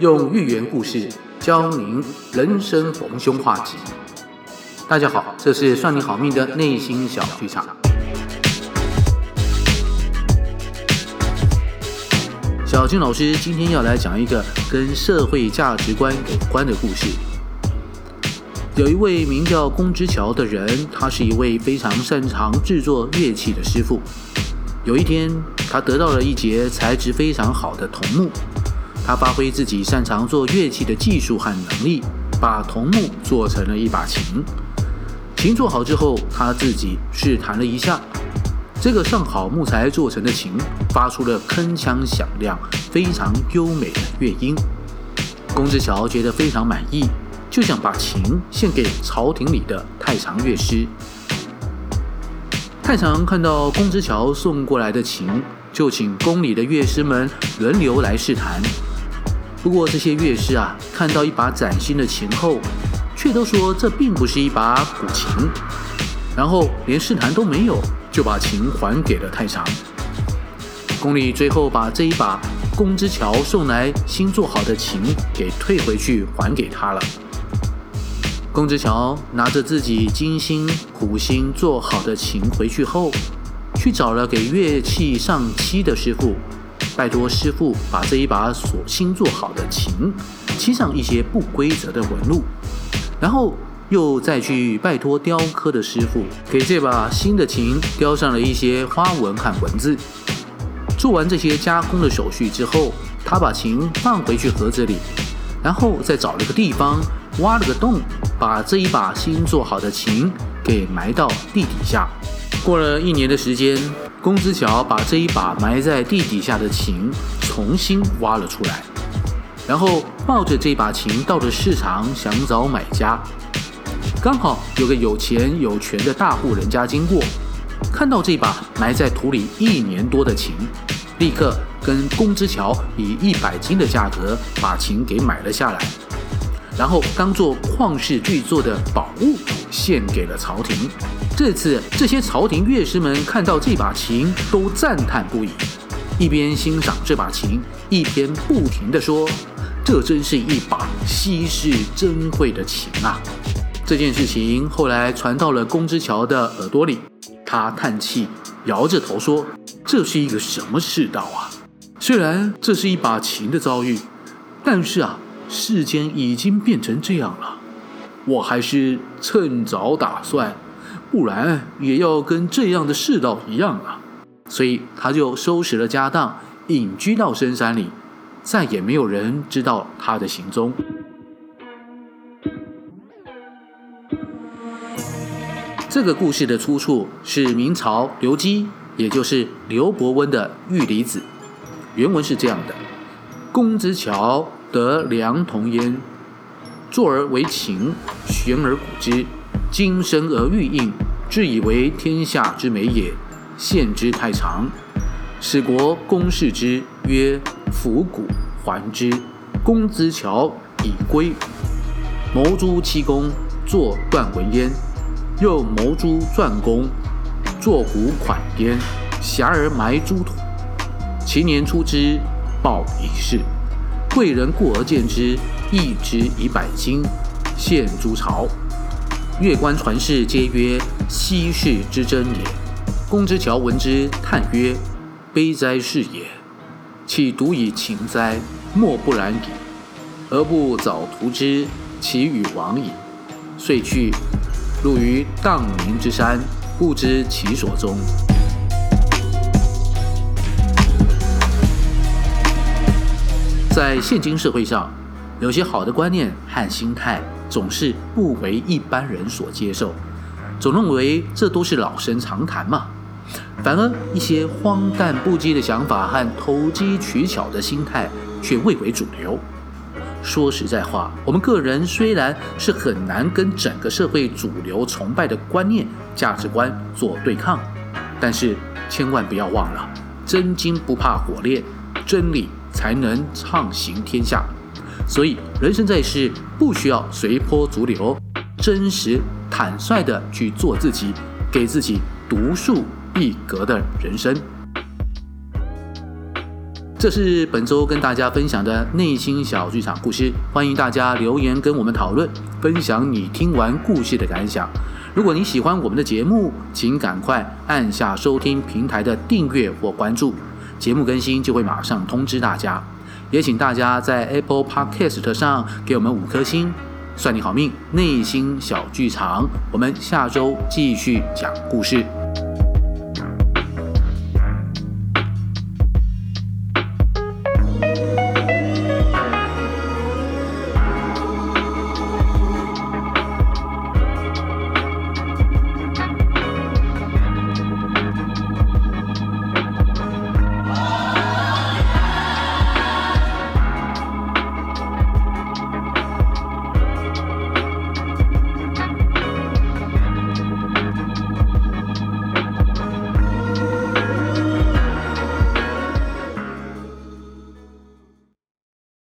用寓言故事教您人生逢凶化吉。大家好，這是算你好命的內心小劇場。小金老師今天要來講一個跟社會價值觀有關的故事。有一位名叫工之僑的人，他是一位非常擅長製作樂器的師傅。有一天，他得到了一節材質非常好的桐木。他發揮自己擅長做樂器的技術和能力，把桐木做成了一把琴。琴做好之後，他自己試彈了一下，這個上好木材做成的琴發出了鏗鏘響亮、非常優美的樂音。工之僑覺得非常滿意，就想把琴獻給朝廷裡的太常樂師。太常看到工之僑送過來的琴，就請宮裡的樂師們輪流來試彈。不過這些樂師啊，看到一把嶄新的琴後，卻都說這並不是一把古琴，然後連試彈都沒有，就把琴還給了太常。宮裡最後把這一把工之僑送來新做好的琴給退回去，還給他了。工之僑拿着自己精心苦心做好的琴回去後，去找了給樂器上漆的師傅。拜託師傅把這一把所新做好的琴漆上一些不規則的紋路，然後又再去拜託雕刻的師傅給這把新的琴雕上了一些花紋和文字。做完這些加工的手續之後，他把琴放回去盒子裡，然後再找了個地方挖了個洞，把這一把新做好的琴給埋到地底下。過了一年的時間，工之僑把這一把埋在地底下的琴重新挖了出來，然後抱着這把琴到了市場想找買家。剛好有個有錢有權的大戶人家經過，看到這把埋在土裡一年多的琴，立刻跟工之僑以一百金的價格把琴給買了下來，然後當做曠世巨作的寶物獻給了朝廷。這次，這些朝廷樂師們看到這把琴，都讚嘆不已，一邊欣賞這把琴，一邊不停的說：“這真是一把稀世珍貴的琴啊！”這件事情後來傳到了工之僑的耳朵裡，他嘆氣，搖着頭說：“這是一個什麼世道啊？雖然這是一把琴的遭遇，但是啊，世間已經變成這樣了，我還是趁早打算。”不然也要跟這樣的世道一樣啊，所以他就收拾了家當，隱居到深山裡，再也沒有人知道他的行蹤。這個故事的出處是明朝劉基，也就是劉伯溫的《郁離子》，原文是這樣的公子：“工之僑得良桐焉，坐而為琴，弦而鼓之，金聲而玉應。”自以為天下之美也，獻之太常，使國工視之，曰：“弗古還之。”工之僑以歸，謀諸漆工，作斷紋焉；又謀諸篆工，作古窾焉。匣而埋諸土。期年出之，抱以市。貴人過而見之，易之以百金，獻諸朝。樂官傳視，皆曰，稀世之珍也。工之僑聞之，嘆曰：“悲哉世也！豈獨以琴哉？莫不然矣。而不早圖之，其與亡矣。”遂去，入於宕冥之山，不知其所終。在現今社會上，有些好的觀念和心態。總是不為一般人所接受，總認為這都是老生常談嘛。反而一些荒誕不羈的想法和投機取巧的心態卻蔚為主流。說實在話，我們個人雖然是很難跟整個社會主流崇拜的觀念、價值觀做對抗，但是千萬不要忘了，真金不怕火煉，真理才能暢行天下。所以，人生在世，不需要隨波逐流，真實坦率的去做自己，給自己獨樹一格的人生。這是本周跟大家分享的內心小劇場故事，歡迎大家留言跟我們討論，分享你聽完故事的感想。如果你喜歡我們的節目，請趕快按下收聽平台的訂閱或關注，節目更新就會馬上通知大家。也請大家在 Apple Podcast 上給我們五顆星，算你好命，內心小劇場，我們下週繼續講故事。